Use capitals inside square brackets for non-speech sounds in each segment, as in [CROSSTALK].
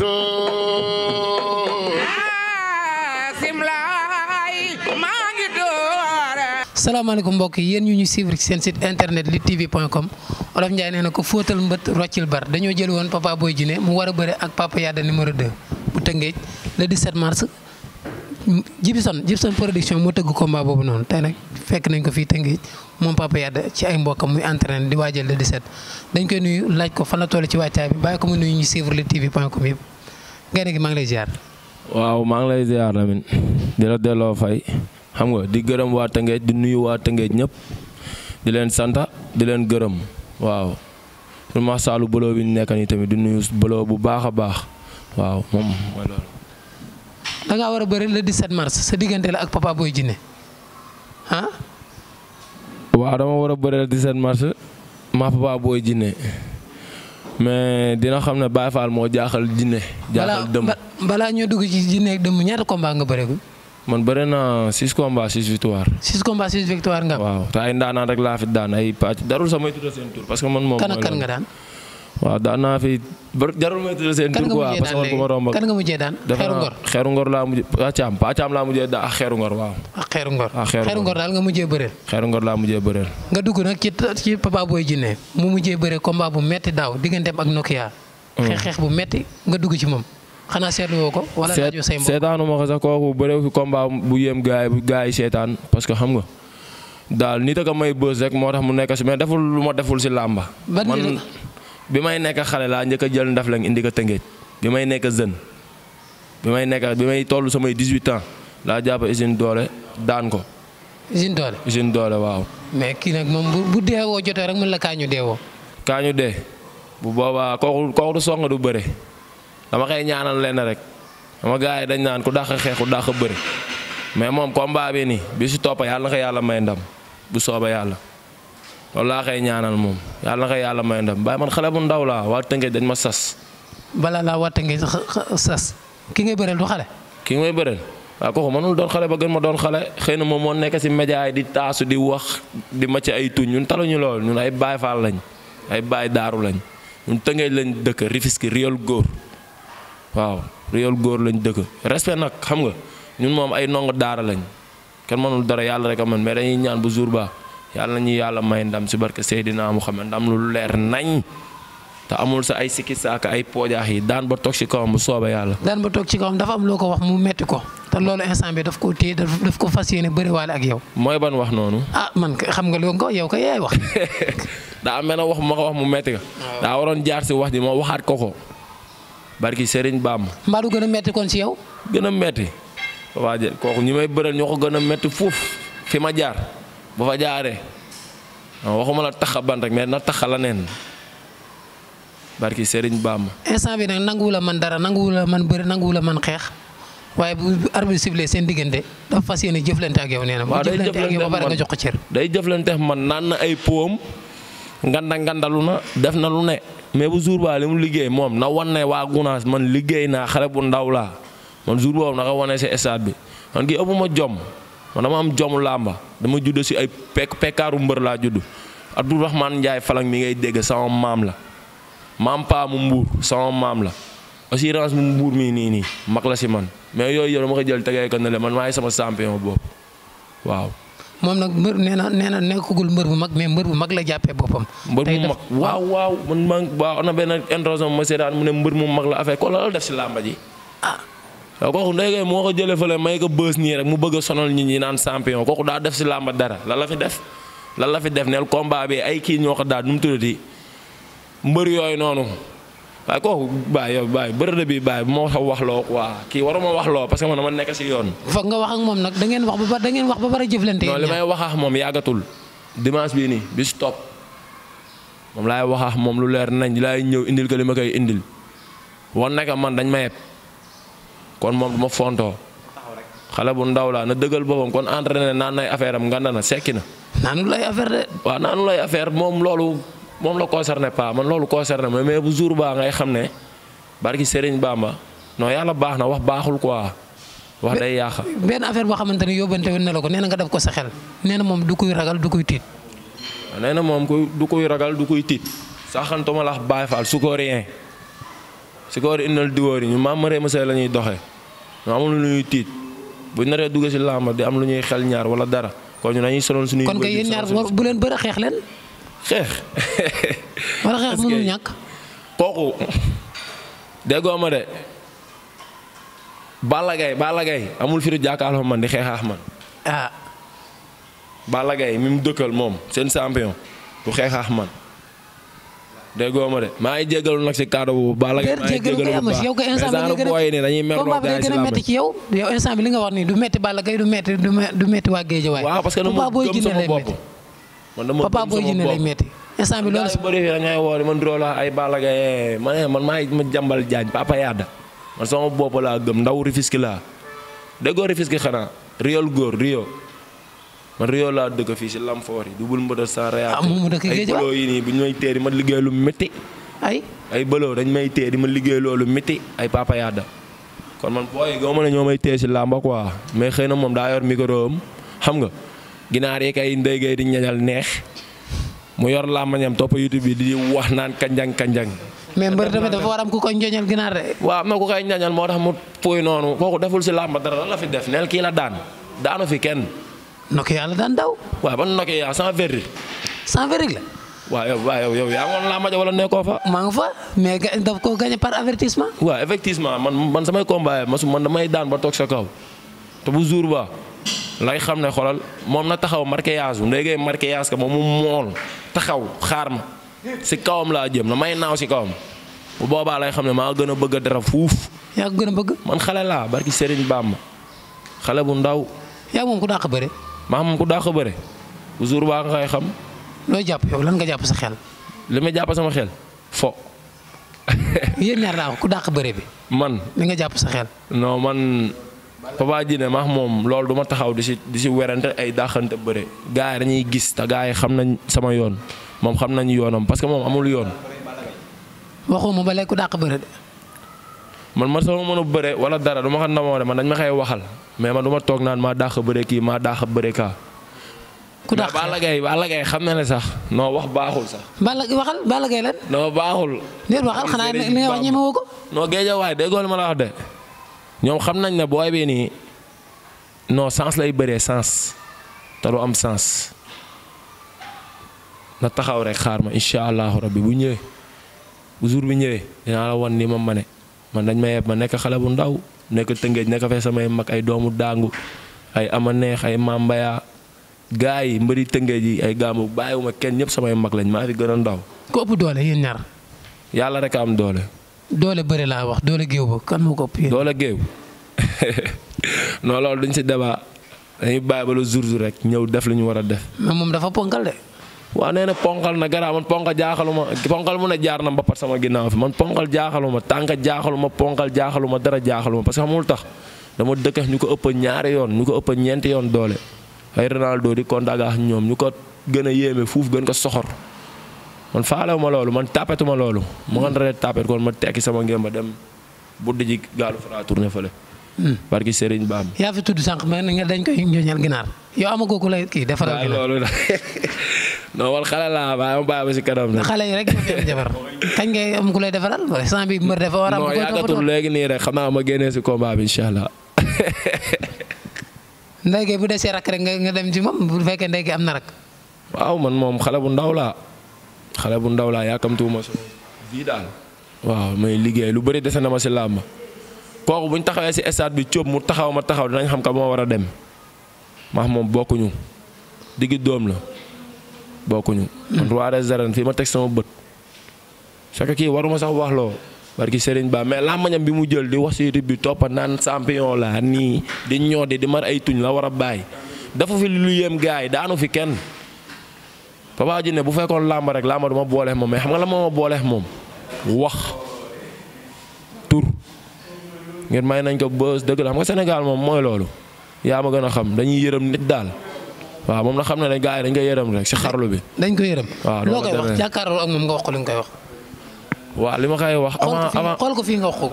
Ah, salaamaaleykum mbokk yi yéen ñu ñu suivre ci seen site internet luttetv.com Olof Ndiaye nee na ko fóotal mbët roccil bar dañoo jël woon Papa Boy Djiné mu war a ak Papa Yada numéro 2 bu Tëngéej le 17 mars Jibson Jibson production moo tëgg combat boobu noonu tey nag fekk nañ ko fii Tëngéej moom Papa Yada ci ay mbokkam muy entraîné di waajal le 17 dañ koy nuyu laaj ko fan ci waajtaay bi bàyyi ko mu nuyu ñu suivre luttetv.com yëpp. gaynde gi maa ngi lay ziar. waaw maa ngi lay ziar Lamine di la delloo fay xam nga di gërëm waa Tëngéej di nuyu waa Tëngéej ñëpp di leen sant di leen gërëm waaw pour masaalu bëloo bi ñu nekk nii tamit di nuyu bëloo bu baax a baax waaw moom mooy loolu. da ngaa war a bëri le 17 mars sa diggante la ak papa booy jinne ah. waaw dama war a bëri le 17 mars maa papa booy jinne mais dina xam ne Baye Fall moo jaaxal jinne jaaxal dëmm balaa ñoo dugg ci jinne ak dëmm ñaata combat nga bëre ko man bëre naa six combats six victoire. six combats six victoire nga. waaw te rek laa daan ay pàcc darul samay tuddee seen tur parce que man moom. kan nga daan. waaw daan naa fi jarul may tudd seen tur quoi parce que ma romb kan nga mujjee daan xeeru ngor laa mujjee Pàccaam ah, Pàccaam ah, laa mujjee ah, xeeru ngor waaw. ak xeeru ngor ak nga mujjee bëreel. xeeru ngor laa mujjee bëreel. nga dugg nag ci ci Papa Boy mu mujjee bëree combat bu metti daaw digganteem ak Nokia. Mm. xeex xeex bu metti nga dugg ci moom. xanaa seetlu woo ko wala laajoo say mbokk seetaanu ma ko sax bu yéem gaay yi seetaan parce que xam nga daal nit ak may bës rek moo tax mu nekk si mais deful lu ma deful si làmba man bi may nekk xale laa njëkk a jël ndaf lañ indi ko tëngéej bi may nekk jeune bi may nekk bi may toll samay 18 ans laa jàpp usine doole daan ko. usine doole usine doole waaw. mais kii nag moom bu bu deewoo jotee rek mën la kaa ñu deewoo. kaa ñu dee bu boobaa kooku kooku du song du bëre dama koy ñaanal lenn rek dama gars yi dañ naan ku dàq xeex ku dàq bëre mais moom combat bi nii bi si topp yàlla na yàlla may ndam bu sooba yàlla. loolu laa koy ñaanal moom yàlla na ko yàlla may ndam bàyyi man xale bu ndaw laa waa Tëngéej dañ ma sas. bala laa waa Tëngéej sas ki ngay bëreel du xale. ki ngay bëreel waaw kooku mënul doon xale ba gën ma doon xale xëy na moom moo nekk si média yi di taasu di wax di ma ci ay tuñ ñun ñu lool ñun ay Baay Faal lañ ay Baay Daaru lañ ñun Tëngéej lañ dëkk Rufisque réel góor waaw réel góor lañ dëkk respect nag xam nga ñun moom ay ndongo daara lañ kenn mënul dara yàlla rek dañuy ñaan bu jour yàlla ñu yàlla may ndam si barke Seydina Muhammad ndam lu leer nañ te amul sa ay sikki saaka ay poojaax yi daan ba toog si kawam bu soobee yàlla. daan ba toog ci kawam dafa am loo ko wax mu metti ko te loolu instant bi daf koo téye daf ko fas yéene bëriwaale ak yow. mooy ban wax noonu. ah man xam nga loo ko yow ko yaay wax. [LAUGHS] daa mel ne wax ma ko mu metti ko. daa waroon jaar si wax ji ma waxaat ko ko. barki Serigne Bam. mbaa du gën a metti kon si yow. gën a metti. waa kooku ñi may bëral ñoo gën a metti fuuf fi ma jaar. bu fa jaaree waxuma la taxa ban rek mais na taxa la neen barki Serigne Bamba. instant bi nag nanguwul man dara nanguwul a man bëri nanguwula man xeex waaye bu arbitre sifflé seen diggante dafa fas yéene jëflante ak yow nee na. waaw day jëflante ak jox ko cër. day jëflante man naan na ay poom nganda ngandalu na def na mais bu jour ba li mu liggéey moom na wan ne waa man liggéey naa xale bu ndaw laa man jour boobu naka wane si stade bi man kii ëpp ma jom. man dama am jom làmba dama judd si ay pek pekaaru mbër laa judd Abdourahmane Ndiaye Falang mi ngay dégg sama maam la maam paa mu mbuur sama maam la assurance mu mbuur mii nii nii mag la si man mais yooyu yow dama ko jël tegee ko ne le man maay sama champion boobu waaw. moom nag mbër nee na nee na nekkagul mbër bu mag mais mbër bu mag la jàppee boppam. mbër bu mag waaw waaw man maa waaw am na benn intervention ma seetaan mu ne mbër mu mag la affaire ko la def si làmba ji ah, kooku ndéykay moo ko jëlee fële may ko bës nii rek mu bëgg a sonal nit ñi naan champion kooku daa def si làmba dara lan la fi def lan la fi def neel combat bi ay kii ñoo ko daal nu mu tuddati mbër yooyu noonu waaye kooku baay yow baay bërëb bi baay bu ma wax wax loo waa kii waruma wax loo parce que man ma nekk si yoon. foog nga wax ak moom nag da ngeen wax ba da ngeen wax ba pare jëflante. non li may wax moom yàggatul dimanche bii nii bi stop moom laay wax moom lu leer nañ laay ñëw indil ko li ma indil wan naka man dañ ma kon moom du ma fontoo xale bu ndaw laa na dëggal boppam kon entraîné naan nay affaire am nganda na sekki na. naanu affaire de. waaw naanu lay affaire moom loolu moom la concerné pas man loolu concerné ma mais bu jour baa ngay xam ne barki Serigne Bamba non yàlla baax na wax baaxul quoi. wax day yàq. benn affaire boo xamante ne yóbbante woon na la ko nee na nga def ko sa xel nee na moom du koy ragal du koy tiit. nee na moom du koy ragal du koy tiit. saxantuma lax Baay Faal su ko la ñuy doxee. amul lu ñuy tiit bu naree dugg ci làmba di am lu ñuy xel ñaar wala dara kon ñu dañuy sonal suñuy. kon kay yéen ñaar bu leen bëre xeex leen. xeex. [LAUGHS] wala xeex mënul ñàkk. kooku déggoo ma de Balla Gaye Balla Gaye amul firu jàkkaarloo man di xeexaax man. ah. Balla mi mu dëkkal moom seen champion bu xeexaax man. déggoo ma de maa ngi jégalu nag si kàddu bu baax la. maa ngi jégalu si laa métti ci li nga wax nii du métti Balla Gaye du métti du métti waa géej waay. waaw parce que dama gëm sama bopp man ay Balla Gaye ma ne ma jàmbal jaañ papa yaada man sama laa gëm ndaw Rufisque laa déggoo Rufisque xanaa Riol góor Rio man Rio laa dëkk fii si Lamfor yi dubul mbëdal sa reyaat ah ay bëloo yi nii bu ñu may teeri ma liggéey lu métti ay ay dañ may teeri ma liggéey loolu métti ay papa yaada kon man booy goo ma ne ñoo may teer si làmba quoi mais xëy na moom daa yor micro am xam nga ginaar yi kay ndey gay di ñañal neex mu yor làmbañam topp YouTube bi di wax naan kanjang kanjang mais mbër tamit dafa war am ku koy ñoñal ginaar de. waaw am ku koy ñoñal moo tax mu puy noonu kooku deful si làmba dara lan la fi def Nokia la daan daw. waaw ban Nokia sans verre. sans verre la. waaw yow waaw yaa ngoon laa maja wala nekkoo fa. maa nga fa mais daf koo gagné par avertissement. waaw effectivement man man samay combat masu man damay daan ba toog sa kaw te bu jour ba lay xam ne xoolal moom na taxaw marquage bu ndéygay marquage ka moom mu mool taxaw xaar ma si kawam laa jëm na may naaw si kawam bu boobaa lay xam ne maa gën a bëgg dara fuuf. yaa ko gën a bëgg. man xale laa barki Serigne Bamba xale bu ndaw. yaa moom ku dàq bëre. maa moom ku daax ko bëre bu baa nga koy xam. looy jàpp yow lan nga jàpp sa xel. li ma jàpp sama xel fo. [LAUGHS] yéen ñaar naa ku dàq bëre bi. man li nga jàpp sa xel. non man Papa Djiné maax moom loolu du taxaw di si si werante ay dàqante bëre gaa yi dañuy gis te gars yi xam nañ sama yoon moom xam nañu yoonam parce que moom amul yoon. waxuma ba ku dàq bëre de. man ma sama mën a bëre wala dara du ma xam ndamoo de man dañ ma xëy waxal mais man duma toog naan maa dàq bëre kii maa dàq bëre kaa. ku dàq Balla Gaye xam na ne sax non wax baaxul sax. Balla waxal Balla Gaye baaxul. déet waxal xanaa li wax ñemewoo ko. non géej waay déggoo ma la wax de ñoom xam nañ ne booy bi nii noo sens lay bëree sens te am sens na taxaw rek xaar ma incha allahu rabbi bu ñëwe bu jour bi ñëwee dinaa la wan ni ma mane. man dañ ma yeb ma nekk xale bu ndaw nekk tëngéej nekk fee samay mag ay doomu daangu ay ama neex ay mambaya gars yi mbëri tëngéej yi ay gaamu bàyyiwuma kenn ñëpp samay mag lañ maa fi gën a ndaw. ko ëpp doole yéen ñaar. yàlla rek a am doole. doole bëri laa wax doole géew ba kan moo ko ëpp yéen. doole géew [LAUGHS] non loolu duñ si débat dañuy bàyyi ba le jour rek ñëw def li ñu war a def. moom dafa ponkal de. waa nee na ponkal na gara man ponkal jaaxaluma ponkal mu a jaar na mbappat sama ginnaaw fi man ponkal jaaxaluma tànk jaaxaluma ponkal jaaxaluma dara jaaxaluma parce que xamul tax dama dëkkax ñu ko ëpp ñaari yoon ñu ko ëpp ñeenti yoon doole ay Ronaldo di ñoom ñu ko gën a yéeme fuuf gën ko soxor man faalewu ma loolu man tapetuma loolu mu ngan ree tapet kon ma ba dem budd ji gaalu fara tourné fële hmm. barki Serigne Ba yaa fi tudd sànq ma nga dañ koy ñooñal ginaar yow amagoo ku lay kii defaral ginaar loolu [LAUGHS] non man xale laa bàyyi ma bàyyi ba si kanam nag. xale yi rek ñoo koy defar kañ ngay am ku lay defaral instant bi mër dafa war a. non yàggatul léegi nii rek xam naa ma génnee si combat bi incha allah. [LAUGHS] ndeyge bu desee rak rek nga dem ci moom bu fekkee ndeyge am na rak. waaw man moom xale bu ndaw laa xale bu ndaw laa yàkkamtuwuma so fii daal. waaw may liggéey lu bari dese na ma si làmb kooku bu ñu taxawee si stade bi cóob mu taxaw ma taxaw dinañ xam ka moo war a dem maax moom bokkuñu diggi doom la. bokkuñu. kon hmm. roi des arènes fii ma teg sama bët. chaque kii waruma sax wax loo barki Serigne Ba mais làmmañam bi mu jël di wax si YouTube bi toppa naan champion la nii di ñoode di mar ay tuñ la war a bàyyi dafa fi lu yem gars yi daanu fi kenn. Papa Ji ne bu fekkoon làmb rek làmb du ma booleex moom mais xam nga la ma ma booleex moom wax tur ngeen may nañ ko bës dëgg la xam nga Sénégal moom mooy loolu yaa ma gën a xam dañuy yërëm nit daal. waaw moom na xam na ne gars yi dañ koy yërëm rek si xarlu bi. dañ koy yërëm. waaw loo koy wax jàkkaarloo ak moom nga wax ko li koy wax. waaw li ma koy wax. avant avant xool ko fii nga wax ko.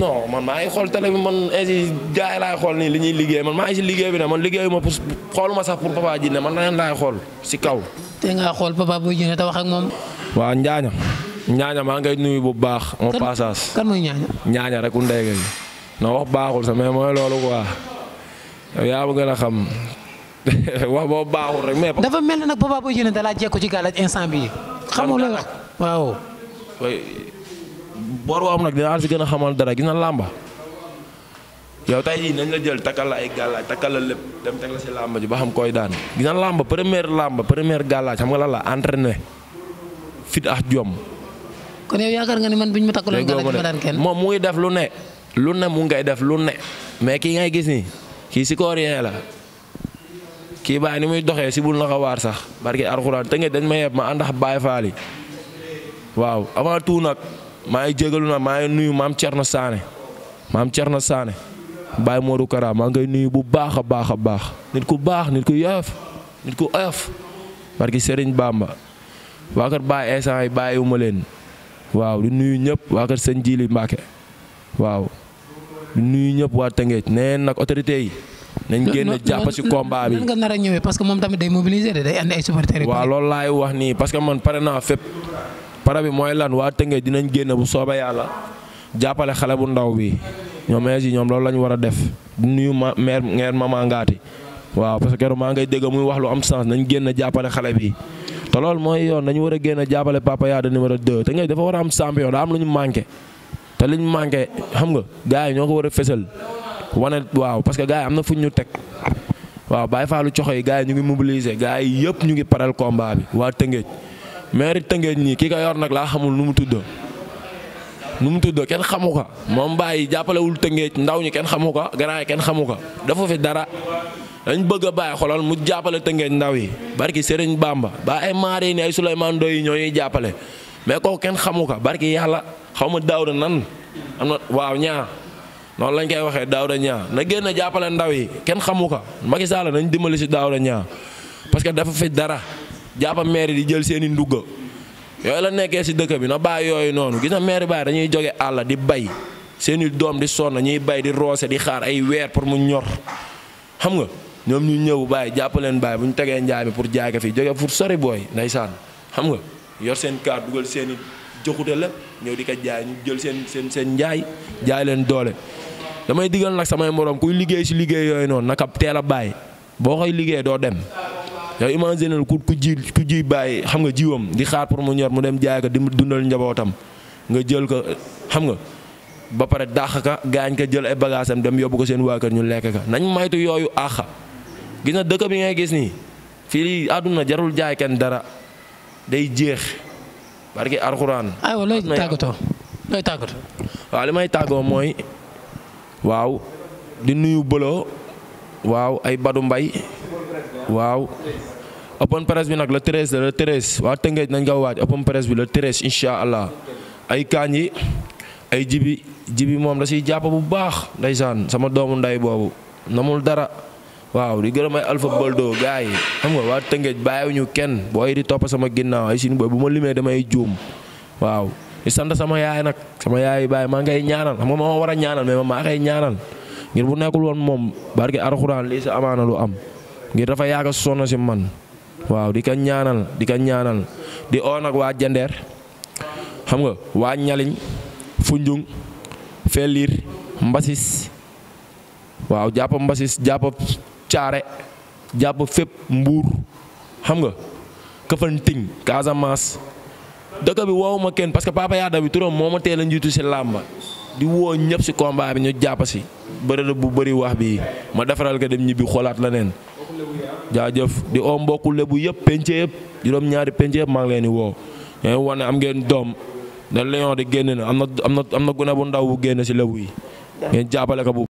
non man maa ngi xool télé bi man ainsi gars yi laay xool li ñuy liggéey man maa ngi si liggéey bi ne man liggéeyuma pour xooluma sax pour Papa Djiné man leneen laay xool si kaw. te xool Papa Boy Djiné te wax ak moom. waaw Njaaña. Njaaña maa ngay nuyu bu baax. au passage kan mooy Njaaña. Njaaña rek u ndey non wax baaxul sax mais mooy loolu quoi yow yaa ma gën a xam [LAUGHS] wax boobu baaxul rek mais. dafa mel ni nag Papa Boy Djiné dalaa jekku ci gàllaaj instant bii. xam nga wax waaw. bor boobu nag dinaa si gën a xamal dara gis na làmba yow te jii nañ la jël takkal la ay gàllaaj takkal la lépp dem teg la si làmba ji ba xam koy daan gis na làmba première làmba première gàllaaj xam nga lan la entraîné fit ak jom. kon yow yaakaar nga ni man bu ñu ma takkaloon gàllaaj ma daan kenn moom mu ngi def lu ne. lu ne mu ngay def lu ne mais kii ngay gis nii kii si koor yee kii bàyyi ni muy doxee si bul na ko sax barki arxuraan te ngeen dañ ma yeb ma àndax Baye Fall yi waaw avant tout nag maa ngi jégalu nag maa ngi nuyu maam Thierno Sané maam Thierno Sané Baye Modou Kara maa ngay nuyu bu baax a baax a baax nit ku baax nit ku yoyof nit oyof barki Serigne Bamba waa kër Baye instant yi bàyyiwuma leen waaw di nuyu ñëpp waa kër sëñ Jili Mbacke waaw di nuyu ñëpp waa Tëngéej nee nag autorité yi. nañ génn jàpp si combat bi nga nar a ñëwee que moom tamit day mobiliser day andi ay supporters waaw parce que man pare naa fépp pare bi mooy lan waa génn bu sooba yàlla jàppale xale bu ndaw bi ñoom yi ñoom loolu la war a def nuyu ma mère ngeen mama ngaati waaw parce que maa ngay dégg muy wax lu am sens nañ génn jàppale xale bi te loolu mooy yoon dañu war a génn jàppale Papa Yade numéro 2 te ngay dafa war a am champion daa am lu ñu manqué te li ñu manqué xam nga gars yi ñoo ko war a fësal wane waaw parce que gars yi am na fu ñu teg waaw Baye Fallou coxo yi gars yi ñu ngi mobiliser gars yi yëpp ñu ngi paral combat bi waa Tëngéej maire Tëngéej nii kii ka yor nag laa xamul nu mu tudd nu mu tudd kenn xamu ko moom yi jàppalewul Tëngéej ndaw ñi kenn xamu ko grand kenn xamu ko dafa fi dara dañ bëgg a bàyyi xolal mu jàppale Tëngéej ndaw yi barki sëriñ Bamba baa ay maare ni ay Souleymane Doy yi ñoo ñuy jàppale mais kooku kenn xamu ko barki yàlla xaw ma daaw nan am waaw ñaar. noonu lañ koy waxee Daouda Niang na génn jàppale ndaw yi kenn xamu ko Macky Sall nañ dimbali si daaw Niang parce que dafa fi dara jàppa maire di jël seen i ndugga yooyu la nekkee si dëkk bi na bàyyi yooyu noonu gis na maire baay dañuy joge àll di bay seen i doom di sonn ñuy bay di roose di xaar ay weer pour mu ñor xam nga ñoom ñu ñëw bàyyi jàppaleen bàyyi bu ñu tegee njaay mi pour jaay ko fii jóge pour sori booy ndeysaan xam nga yor seen kaar dugal seen i la ñëw di ko jaay ñu jël seen seen seen njaay jaay leen doole damay digal nag samay moroom kuy liggéey si liggéey yooyu noonu naka teel a bàyyi boo koy liggéey doo dem yow imaginer ku ku ji ku ji bàyyi xam nga jiwam di xaar pour mu ñor mu dem jaay ko di dundal njabootam nga jël ko xam nga ba pare dàq ka gaañ ka jël ay bagages dem yobbu ko seen waa kër ñu lekk ka nañ maytu yooyu àq gis na dëkk bi ngay gis nii fii àdduna jarul jaay kenn dara day jeex barki alxuraan. aywa looy tàggatoo looy tàggatoo. waaw waaw di nuyu bëloo waaw ay Badou Mbay waaw open presse bi nag le treize la le treize waa Tëngéej nañ nga waaj open presse bi la treize incha allah ay kaañ yi ay jibi jibi moom da siy jàpp bu baax ndeysaan sama doomu nday boobu namul dara waaw di gërëm ay Alpha Boldo gars yi xam nga waa Tëngéej bàyyiwuñu kenn booy di topp sama ginnaaw ay suñu booy bu ma limee damay juum waaw di sant sama yaay nag sama yaay baay maa ngay ñaanal xam maa ngay ñaanal ngir bu nekkul woon moom barke arxuraan lii sa amaana lu am ngir dafa yaaga sonn si man waaw di ka ñaanal di ka nag waa jandeer xam nga waa ñaliñ funjung felliir mbasis waaw jàpp mbasis jàpp caare jàpp fépp mbuur xam nga këfantiñ Casamance dëkk bi woowuma kenn parce que Papa Yada bi turam moo ma teel a njiitu si làmba di woo ñëpp si combat bi ñu jàpp si bërëb bu bëri wax bi ma defaral ko dem ñibbi xoolaat la neen jaajëf di oo mbokku lebu yëpp penc yëpp juróom-ñaari penc yëpp maa ngi leen di woo ñooy wane am ngeen doom ne Lion di génn na am na am na na gune bu ndaw bu génn si lebu yi ngeen jàppale ko bu